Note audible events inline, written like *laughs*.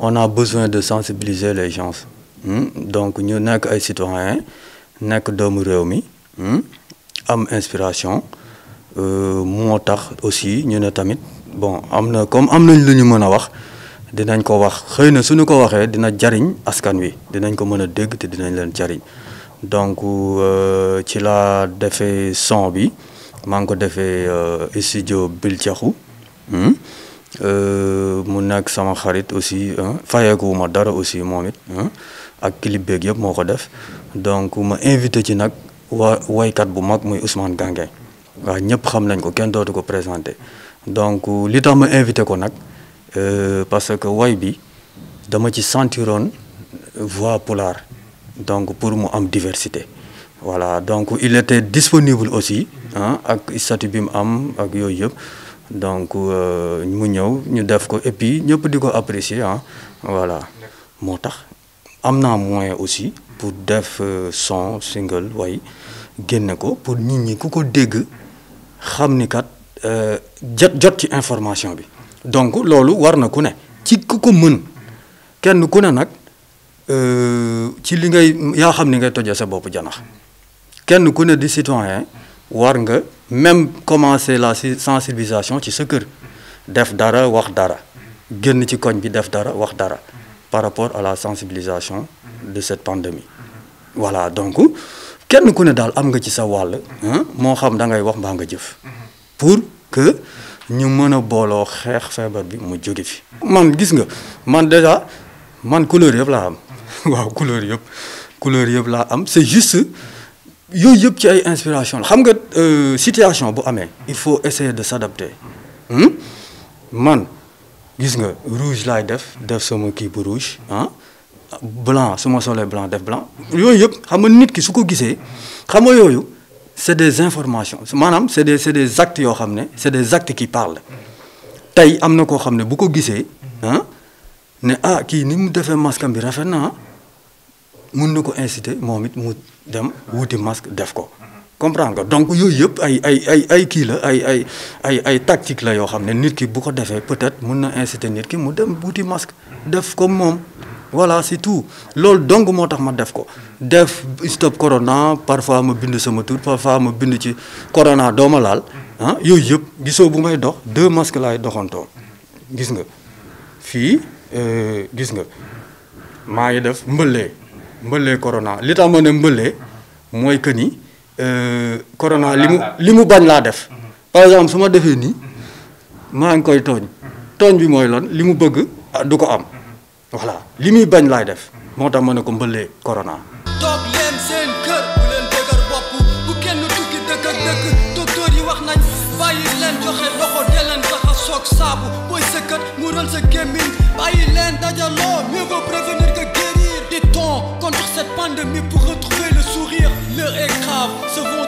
on a besoin de sensibiliser les gens hmm? donc nous sommes des citoyens nous doomu nous hmm? am inspiration nous euh, aussi nous ne bon amna, comme nous avons lu ñu a wax dinañ ko wax xeyna suñu ko dina jariñ askan wi dinañ ko mëna dégg té dinañ leen jariñ donc euh, ci son bi maa ko défé euh, studio Euh, mu nekk sama xarit aussi fayeeku ma dara aussi moom it ak clip beeg yëpp moo ko def donc ma invité ci nag wa woykat bu mag muy Ousmane Ganguèye waa ñëpp xam nañ ko kenn dootu ko présenté donc li tax ma invité ko nag euh, parce que woy bi dama ci sentiroon voix pulaar donc pour mu am diversité voilà donc il était disponible aussi ah ak sati bi mu am ak yooyu yëpp donc euh, mu ñew ñu def ko et puis ñep di ko apprécier hein ah, voilà motax amna moyen aussi pour def euh, son single way genné ko pour nit ñi ku dégg xamni kat euh jot ci information bi donc lolu warna ku ne ci ku mën kenn ku ne euh ci li ngay ya xamni ngay toje sa bop janax kenn ku ne di citoyen war nga même commencer la sensibilisation ci ce kër def dara wax dara génn ci koñ bi def dara wax dara par rapport à la sensibilisation de cette pandémie voilà donc kenn ku ne daal am nga ci sa wàll hein, moo xam da ngay wax mbaa nga jëf pour que ñu mën a booloo xeex feebar bi mu jóge fi man gis nga man déjà man couleur yëpp laa am *laughs* waaw couleur yëpp couleur yëpp laa am c'est juste yooyu ci ay inspiration la xam nga euh, situation bu amee il faut essayer de s'adapter hmm? man gis nga rouge laay def def sama kii bu rouge hein. blanc su ma solee blanc def blanc yooyu yëpp xam nga nit ki su ko gisee xam nga yooyu c'est des informations maanaam c'est des c'est des actes yo xam c'est des actes qui parlent tey am na beaucoup xam ne bu ko gisee ah ne ah kii ni mu masque bi rafet na ah ne ko inciter moom mu dem wuti masque def ko. nga donc yooyu ay ay ay la ay ay ay ay tactique la nit ki bu peut-être inciter nit ki mu dem wuti masque. def ko voilà c'est tout loolu donc moo ma def ko def stop corona parfois ma bind sama tur parfois ma bind ci corona doo ma laal ah yooyu yëpp bu may dox deux masques laay doxantoo gis nga fii euh, gis nga ngi def mbëllee corona li tax ma ne mbëllee mooy que ni euh, corona li mu li mu bañ laa def mhm. par exemple su ma defee nii mhm. maa ngi koy tooñ mhm. tooñ bi mooy lan li mu bëgg ah, du ko am voilà li muy bañ laay def moo tax ma ne ko mbëllee corona. toog leen seen kër bu leen dëgër bopp bu kenn tukki dëkk ak dëkk docteur yi wax nañ bàyyi leen joxe loxo de leen tax soog saabu booy sëkkat mu ral sa gémmiñ bàyyi leen dajal de pour retrouver le sourire. leur est grave,